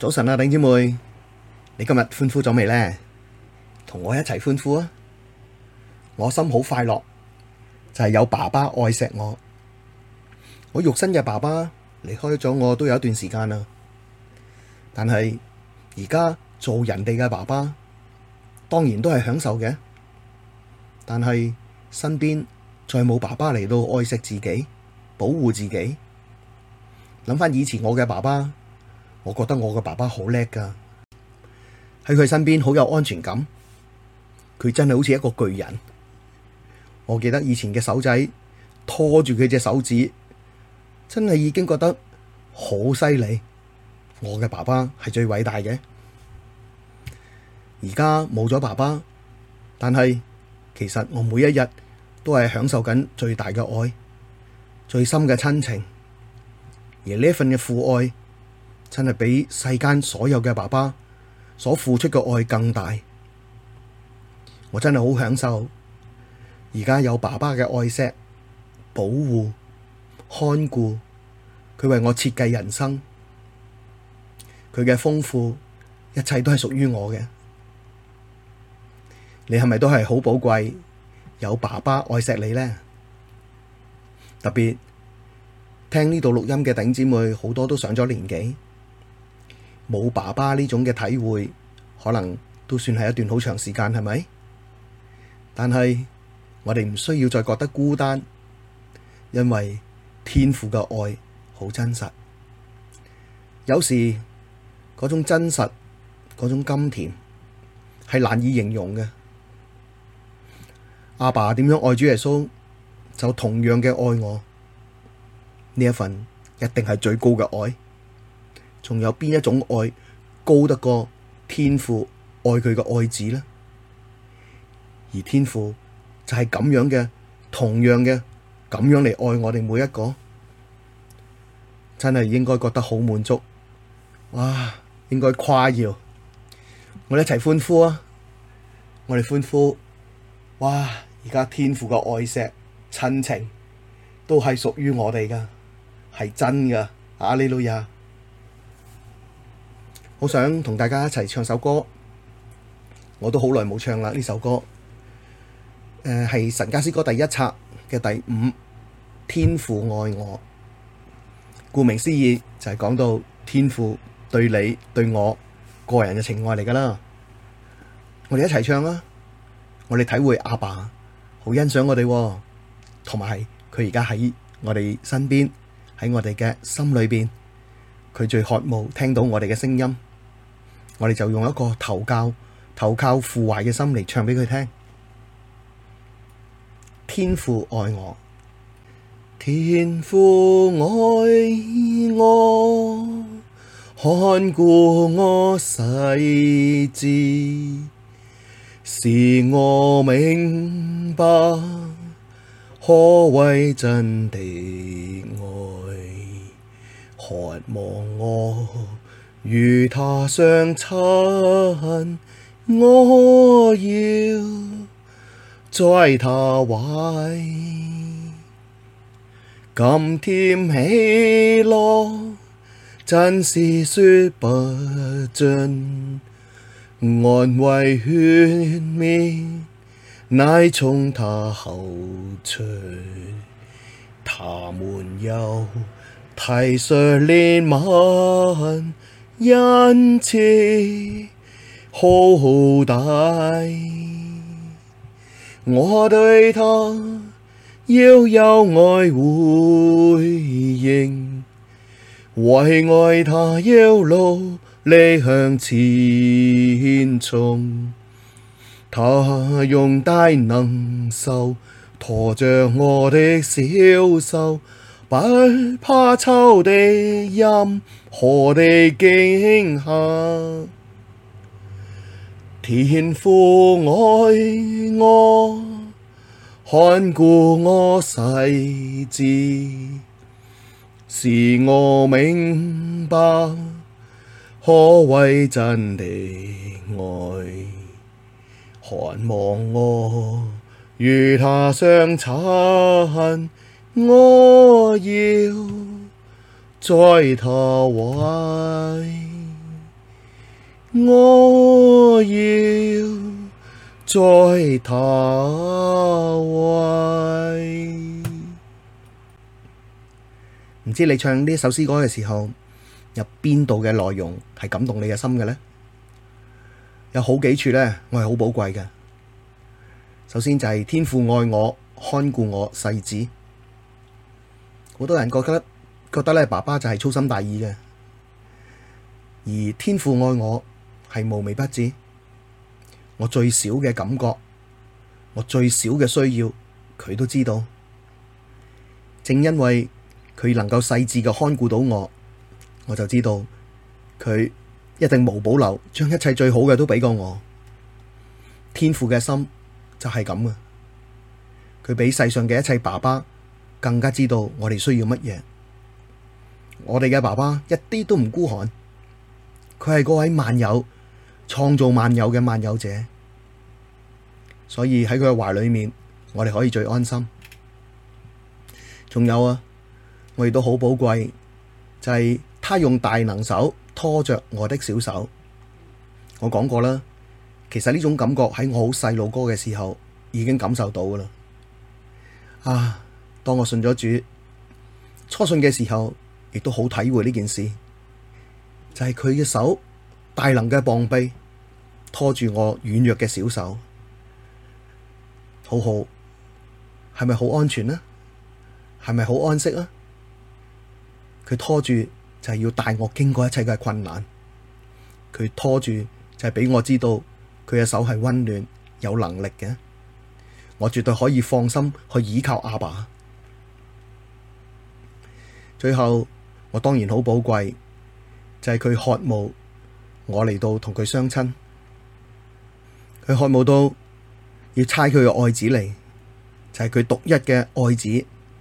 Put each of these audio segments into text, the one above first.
早晨啊，頂姐妹，你今日歡呼咗未呢？同我一齊歡呼啊！我心好快樂，就係、是、有爸爸愛錫我。我肉身嘅爸爸離開咗我都有一段時間啦，但係而家做人哋嘅爸爸，當然都係享受嘅。但係身邊再冇爸爸嚟到愛錫自己、保護自己，諗翻以前我嘅爸爸。我覺得我嘅爸爸好叻噶，喺佢身邊好有安全感。佢真係好似一個巨人。我記得以前嘅手仔拖住佢隻手指，真係已經覺得好犀利。我嘅爸爸係最偉大嘅。而家冇咗爸爸，但係其實我每一日都係享受緊最大嘅愛、最深嘅親情，而呢一份嘅父愛真係比世間所有嘅爸爸所付出嘅愛更大，我真係好享受而家有爸爸嘅愛錫保護、看顧，佢為我設計人生，佢嘅豐富一切都係屬於我嘅。你係咪都係好寶貴，有爸爸愛錫你呢？特別聽呢度錄音嘅頂姐妹，好多都上咗年紀。冇爸爸呢種嘅體會，可能都算係一段好長時間，係咪？但係我哋唔需要再覺得孤單，因為天父嘅愛好真實。有時嗰種真實，嗰種甘甜，係難以形容嘅。阿爸點樣愛主耶穌，就同樣嘅愛我，呢一份一定係最高嘅愛。仲有邊一種愛高得過天父愛佢嘅愛子呢？而天父就係咁樣嘅，同樣嘅咁樣嚟愛我哋每一個，真係應該覺得好滿足，哇！應該誇耀，我哋一齊歡呼啊！我哋歡呼，哇！而家天父嘅愛錫親情都係屬於我哋噶，係真噶，哈利路亞。好想同大家一齊唱一首歌，我都好耐冇唱啦呢首歌。誒、呃，係神家詩歌第一冊嘅第五《天父愛我》，顧名思義就係講到天父對你、對我個人嘅情愛嚟噶啦。我哋一齊唱啦！我哋體會阿爸好欣賞我哋、啊，同埋佢而家喺我哋身邊，喺我哋嘅心裏邊，佢最渴望聽到我哋嘅聲音。我哋就用一個投教、投靠父懷嘅心嚟唱畀佢聽。天父愛我，天父愛我，看顧我細緻，使我明白，何謂真的愛，渴望我與祂相親，我要在他懷。甘甜喜樂，真是說不盡，安慰勸勉，乃從他口出，祂滿有體恤憐憫。恩慈浩，浩大，我對他要有愛回應，為愛他要努力向前衝。他用大能手，拖着我的小手。不怕秋的陰，何的驚嚇。天父愛我，看顧我細緻，使我明白可為真的愛。盼望我與他相親。我要在祂懷，我要在祂懷。唔知你唱呢首詩歌嘅時候，有邊度嘅內容係感動你嘅心嘅呢？有好幾處呢，我係好寶貴嘅。首先就係、是、天父愛我，看顧我細緻。好多人覺得覺得咧，爸爸就係粗心大意嘅，而天父愛我係無微不至。我最少嘅感覺，我最少嘅需要，佢都知道。正因為佢能夠細致嘅看顧到我，我就知道佢一定無保留將一切最好嘅都俾過我。天父嘅心就係咁啊！佢比世上嘅一切爸爸，更加知道我哋需要乜嘢，我哋嘅爸爸一啲都唔孤寒，佢係嗰位萬有，創造萬有嘅萬有者，所以喺佢嘅懷裏面，我哋可以最安心。仲有啊，我哋都好寶貴，就係、是、他用大能手拖着我的小手。我講過啦，其實呢種感覺喺我好細路哥嘅時候已經感受到噶啦，啊！當我信咗主，初信嘅時候，亦都好體會呢件事，就係佢嘅手大能嘅膀臂，拖住我軟弱嘅小手，好好，係咪好安全呢？係咪好安息呢？佢拖住就係要帶我經過一切嘅困難，佢拖住就係俾我知道佢嘅手係溫暖有能力嘅，我絕對可以放心去倚靠阿爸。最後我當然好寶貴，就係佢渴慕我嚟到同佢相親，佢渴慕到要猜佢嘅愛子嚟，就係佢獨一嘅愛子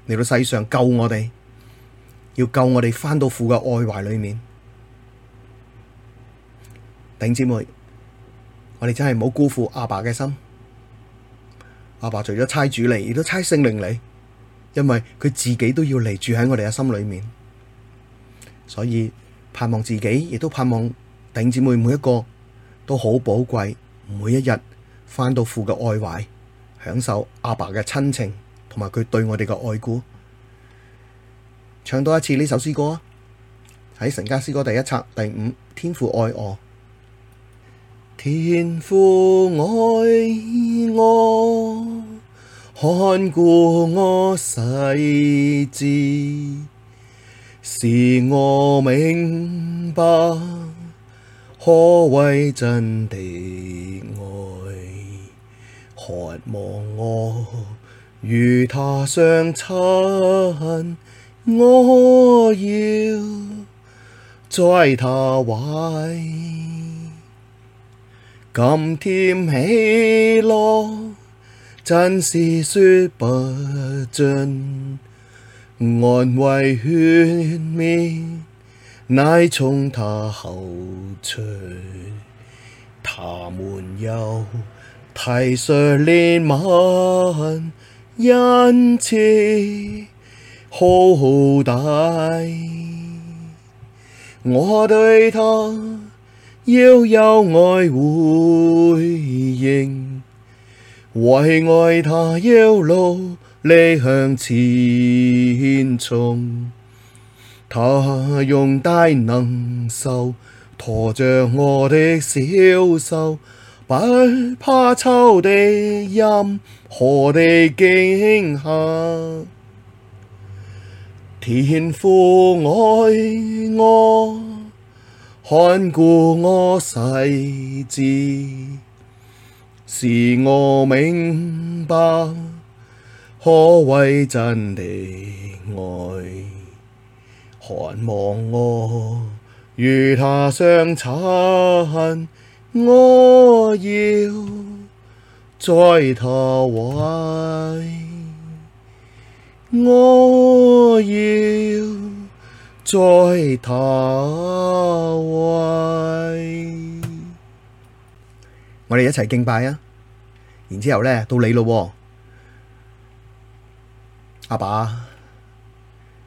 嚟到世上救我哋，要救我哋返到父嘅愛懷裏面。頂姐妹，我哋真係冇辜負阿爸嘅心，阿爸除咗猜主嚟，亦都猜聖靈嚟。因為佢自己都要嚟住喺我哋嘅心裏面，所以盼望自己，亦都盼望弟姊妹每一個都好寶貴，每一日翻到父嘅愛懷，享受阿爸嘅親情，同埋佢對我哋嘅愛顧。唱多一次呢首詩歌啊！喺神家詩歌第一冊第五天父愛我，天父愛我。天父愛我看顧我細緻，使我明白，何謂真的愛。渴望我與他相親，我要在他懷，甘甜喜樂。真是說不盡，安慰勸勉，乃從他口出。他滿有體恤憐憫，恩慈浩大，我對他要有愛回應。為愛他要努力向前衝。他用大能手，拖着我的小手，不怕仇敵任何的驚嚇。天父愛我，看顧我細緻。使我明白，何謂真的愛，渴望我與他相親，我要在祂懷，我要在祂懷。我哋一齊敬拜啊！然之後咧，到你咯，哦，阿爸，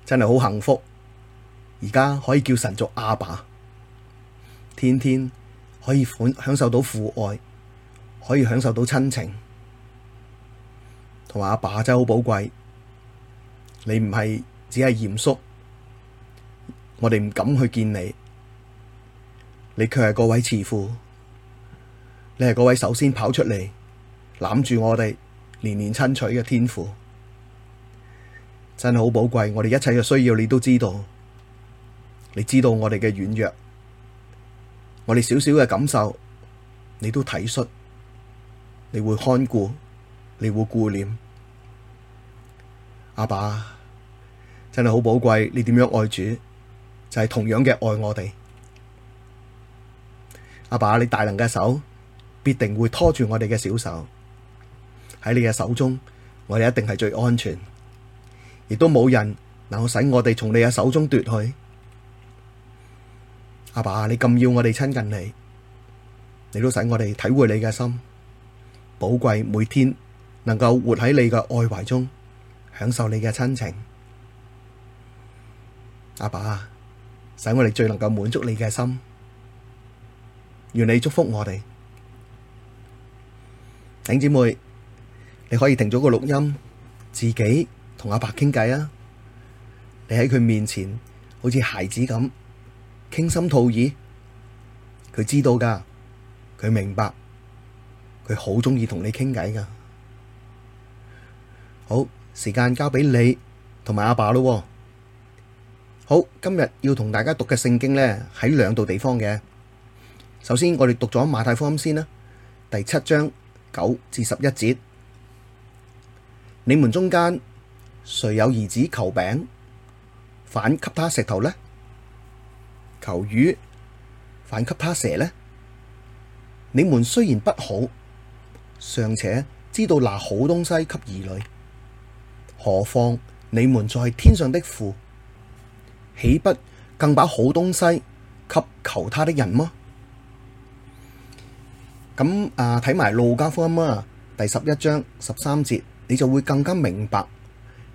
真係好幸福，而家可以叫神做阿爸，天天可以享受到父愛，可以享受到親情，同阿爸真係好寶貴。你唔係只係嚴肅，我哋唔敢去見你，你卻係嗰位慈父。你係嗰位首先跑出嚟，攬住我哋年年親取嘅天父，真係好寶貴。我哋一切嘅需要你都知道，你知道我哋嘅軟弱，我哋少少嘅感受你都體恤，你會看顧，你會顧念。阿爸，爸真係好寶貴，你點樣愛主就係、是、同樣嘅愛我哋。阿爸，爸，你大能嘅手。必定會拖住我哋嘅小手，喺你嘅手中，我哋一定係最安全，亦都冇人能夠使我哋從你嘅手中奪去。阿爸啊，你咁要我哋親近你，你都使我哋體會你嘅心寶貴，每天能夠活喺你嘅愛懷中，享受你嘅親情。阿爸啊，使我哋最能夠滿足你嘅心，願你祝福我哋。影姐妹，你可以停咗個錄音，自己同阿爸傾偈啊。你喺佢面前好似孩子咁傾心吐意，佢知道噶，佢明白，佢好鍾意同你傾偈噶。好，時間交俾你同埋阿爸咯。好，今日要同大家讀嘅聖經呢，喺兩度地方嘅。首先，我哋讀咗馬太福音先啦，第七章。九至十一節，你們中間誰有兒子求餅，反給他石頭呢？求魚，反給他蛇呢？你們雖然不好，尚且知道拿好東西給兒女，何況你們在天上的父，豈不更把好東西給求他的人嗎？咁啊，睇埋路加福音啊，第十一章十三節，你就會更加明白，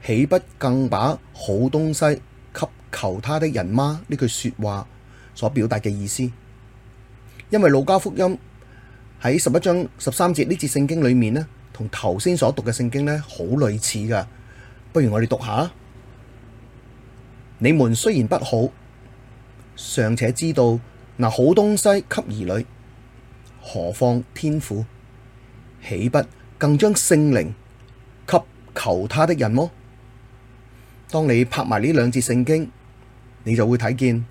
豈不更把好東西給求他的人嗎？呢句說話所表達嘅意思，因為路加福音喺十一章十三節呢節聖經裏面呢，同頭先所讀嘅聖經呢好類似噶。不如我哋讀下，你們雖然不好，尚且知道拿好東西給兒女。何況天父豈不更將聖靈給求他的人麼？哦？當你拍埋呢兩節聖經，你就會睇見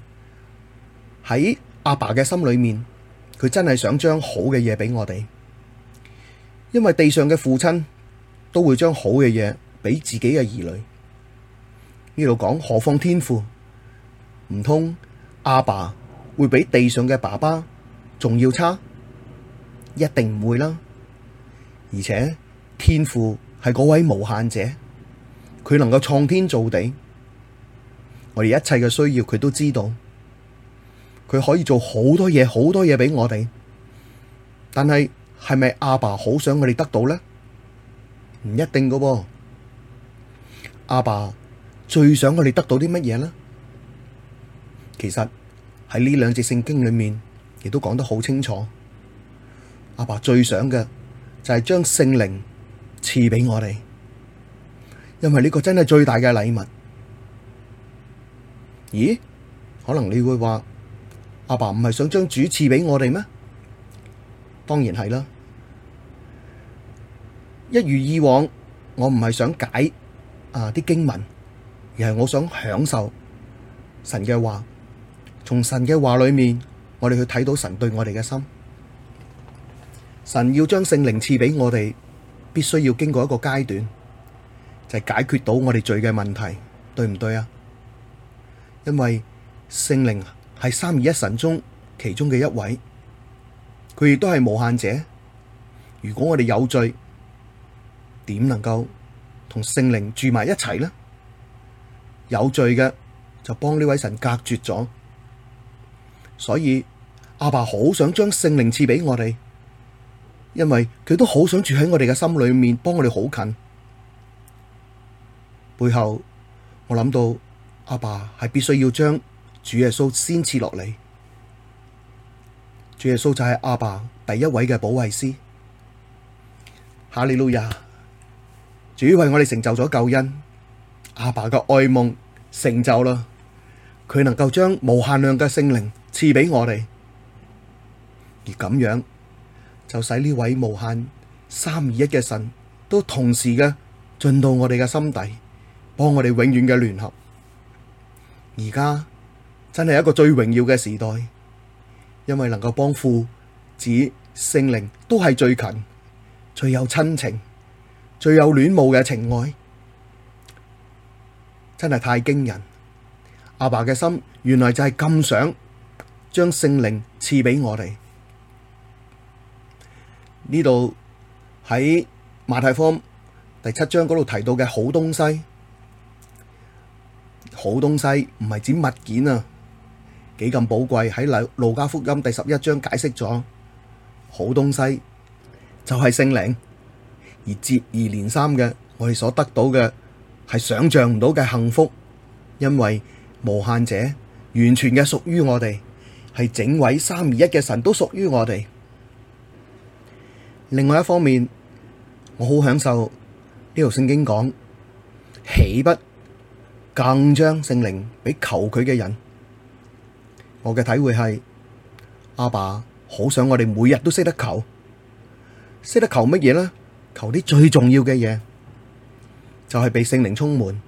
喺阿爸嘅心裏面，佢真係想將好嘅嘢俾我哋，因為地上嘅父親都會將好嘅嘢俾自己嘅兒女。呢度講，何況天父，唔通阿爸會比地上嘅爸爸仲要差？一定唔會啦，而且天父係嗰位無限者，佢能夠創天造地，我哋一切嘅需要佢都知道，佢可以做好多嘢好多嘢俾我哋，但係係咪阿爸好想我哋得到呢？唔一定㗎喎，阿爸最想我哋得到啲乜嘢呢？其實喺呢兩節聖經裏面，亦都講得好清楚。阿爸最想嘅就係將聖靈賜俾我哋，因為呢個真係最大嘅禮物。咦？可能你會話阿爸唔係想將主賜俾我哋咩？當然係啦，一如以往，我唔係想解啊啲經文，而係我想享受神嘅話，從神嘅話裏面，我哋去睇到神對我哋嘅心。神要將聖靈賜俾我哋，必須要經過一個階段，就係解決到我哋罪嘅問題，對唔對啊？因為聖靈係三而一神中其中嘅一位，佢亦都係無限者。如果我哋有罪，點能夠同聖靈住埋一齊呢？有罪嘅就幫呢位神隔絕咗。所以阿爸好想將聖靈賜俾我哋。因為佢都好想住喺我哋嘅心裏面，幫我哋好近。背後我諗到阿爸係必須要將主耶穌先賜落嚟，主耶穌就係阿爸第一位嘅保惠師。哈利路亞！主為我哋成就咗救恩，阿爸嘅愛夢成就啦，佢能夠將無限量嘅聖靈賜俾我哋，而咁樣。就使呢位無限三二一嘅神都同時嘅進到我哋嘅心底，幫我哋永遠嘅聯合。而家真係一個最榮耀嘅時代，因為能夠幫父子聖靈都係最近、最有親情、最有戀慕嘅情愛，真係太驚人。阿爸嘅心原來就係咁想將聖靈賜俾我哋。呢度喺馬太福音第七章嗰度提到嘅好東西，好東西唔係指物件啊，幾咁寶貴。喺路路加福音第十一章解釋咗，好東西就係聖靈，而接二連三嘅，我哋所得到嘅係想象唔到嘅幸福，因為無限者完全嘅屬於我哋，係整位三而一嘅神都屬於我哋。另外一方面，我好享受呢條聖經講，豈不更將聖靈俾求佢嘅人？我嘅體會係，阿爸好想我哋每日都識得求，識得求乜嘢呢？求啲最重要嘅嘢，就係被聖靈充滿，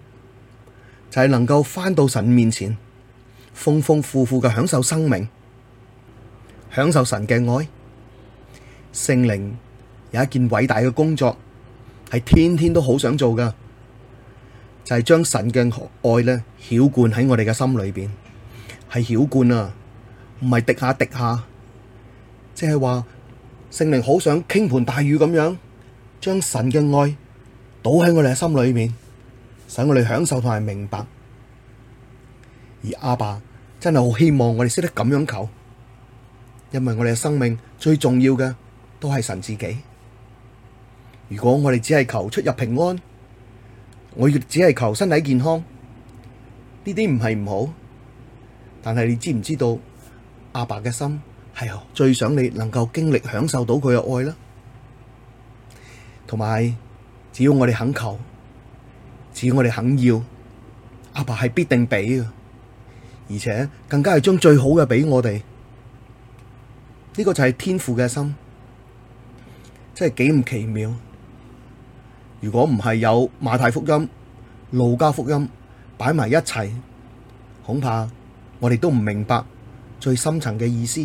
就係能夠翻到神面前，豐豐富富嘅享受生命，享受神嘅愛，聖靈。有一件偉大嘅工作，係天天都好想做噶，就係、是、將神嘅愛呢澆灌喺我哋嘅心裏邊，係澆灌啊，唔係滴下滴下，即係話聖靈好想傾盆大雨咁樣，將神嘅愛倒喺我哋嘅心裏面，使我哋享受同埋明白。而阿爸真係好希望我哋識得咁樣求，因為我哋嘅生命最重要嘅都係神自己。如果我哋只係求出入平安，我亦只係求身體健康，呢啲唔係唔好。但係你知唔知道，阿爸嘅心係最想你能夠經歷享受到佢嘅愛啦。同埋，只要我哋肯求，只要我哋肯要，阿爸係必定俾嘅，而且更加係將最好嘅俾我哋。呢個就係天父嘅心，真係幾唔奇妙。如果唔係有馬太福音、路加福音擺埋一齊，恐怕我哋都唔明白最深層嘅意思。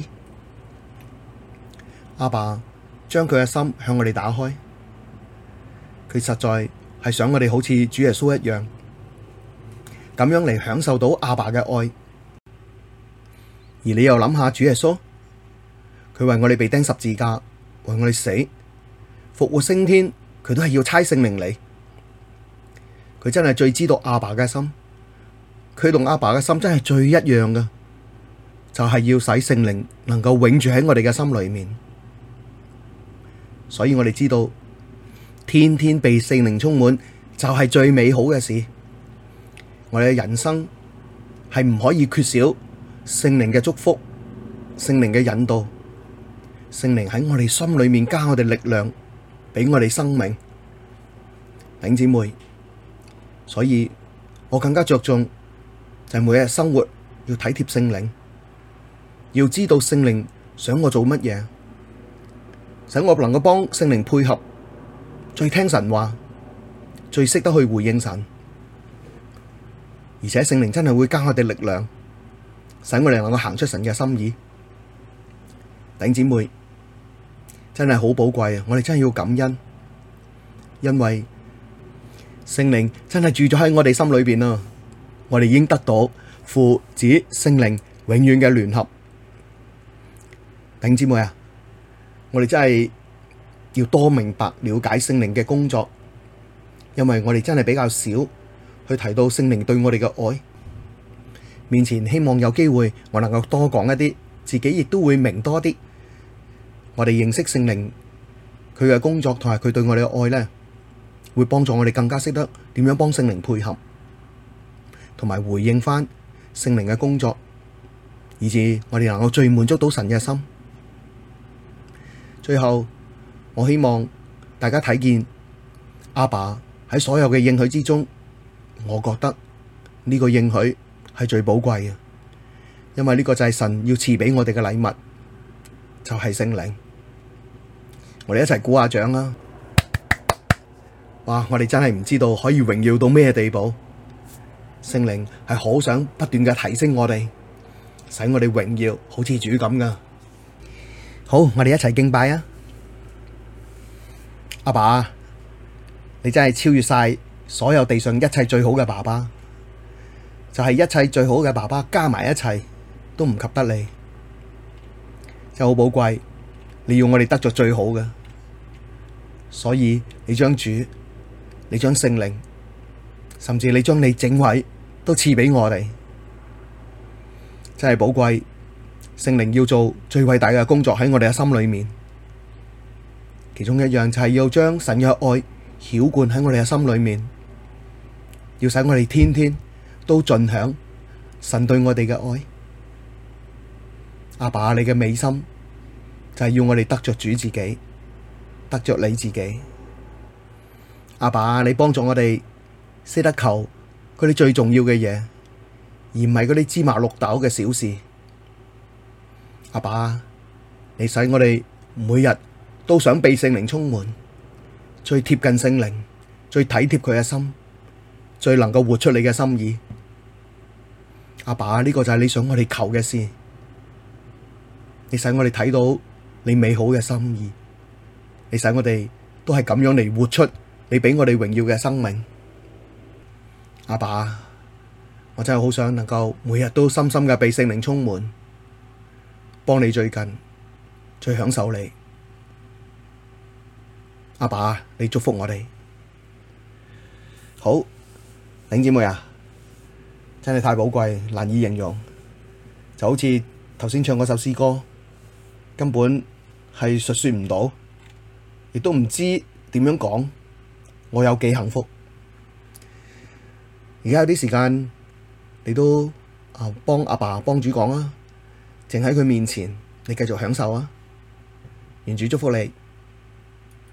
阿爸將佢嘅心向我哋打開，佢實在係想我哋好似主耶穌一樣，咁樣嚟享受到阿爸嘅愛。而你又諗下主耶穌，佢為我哋被釘十字架，為我哋死，復活升天。佢都係要猜聖靈嚟，佢真係最知道阿爸嘅心，佢同阿爸嘅心真係最一樣嘅，就係要使聖靈能夠永住喺我哋嘅心裏面。所以我哋知道，天天被聖靈充滿，就係最美好嘅事。我哋嘅人生，係唔可以缺少聖靈嘅祝福、聖靈嘅引導、聖靈喺我哋心裏面加我哋力量。俾我哋生命，頂姐妹，所以我更加着重就係每日生活要體貼聖靈，要知道聖靈想我做乜嘢，使我能夠幫聖靈配合，最聽神話，最識得去回應神，而且聖靈真係會加我哋力量，使我哋能夠行出神嘅心意，頂姐妹。真係好寶貴啊！我哋真係要感恩，因為聖靈真係住咗喺我哋心裏邊啊。我哋已經得到父子聖靈永遠嘅聯合，弟兄姊妹啊！我哋真係要多明白了解聖靈嘅工作，因為我哋真係比較少去提到聖靈對我哋嘅愛。面前希望有機會，我能夠多講一啲，自己亦都會明多啲。我哋認識聖靈，佢嘅工作同埋佢對我哋嘅愛呢，會幫助我哋更加識得點樣幫聖靈配合，同埋回應翻聖靈嘅工作，以致我哋能夠最滿足到神嘅心。最後，我希望大家睇見阿爸喺所有嘅應許之中，我覺得呢個應許係最寶貴嘅，因為呢個就係神要賜俾我哋嘅禮物，就係聖靈。我哋一齊鼓下掌啦！哇，我哋真係唔知道可以榮耀到咩地步，聖靈係好想不斷嘅提升我哋，使我哋榮耀好似主咁㗎。好，我哋一齊敬拜啊！阿爸，爸，你真係超越晒所有地上一切最好嘅爸爸，就係、是、一切最好嘅爸爸加埋一切都唔及得你，真係好寶貴。你要我哋得着最好嘅，所以你將主、你將聖靈，甚至你將你整位都賜俾我哋，真係寶貴。聖靈要做最偉大嘅工作喺我哋嘅心裏面，其中一樣就係要將神嘅愛澆灌喺我哋嘅心裏面，要使我哋天天都盡享神對我哋嘅愛。阿爸，爸，你嘅美心，係要我哋得着主自己，得着你自己。阿爸啊，你幫助我哋識得求佢哋最重要嘅嘢，而唔係嗰啲芝麻綠豆嘅小事。阿爸啊，你使我哋每日都想被聖靈充滿，最貼近聖靈，最體貼佢嘅心，最能夠活出你嘅心意。阿爸啊，呢個就係你想我哋求嘅事。你使我哋睇到。你美好嘅心意，你使我哋都係咁樣嚟，活出你俾我哋榮耀嘅生命。阿爸，爸，我真係好想能夠每日都深深嘅被聖靈充滿，幫你最近最享受你。阿爸，爸，你祝福我哋。好，領姐妹啊，真係太寶貴，難以形容，就好似頭先唱嗰首詩歌，根本。係述說唔到，亦都唔知點樣講，我有幾幸福。而家有啲時間，你都啊幫阿爸幫主講啊，淨喺佢面前，你繼續享受啊！願主祝福你。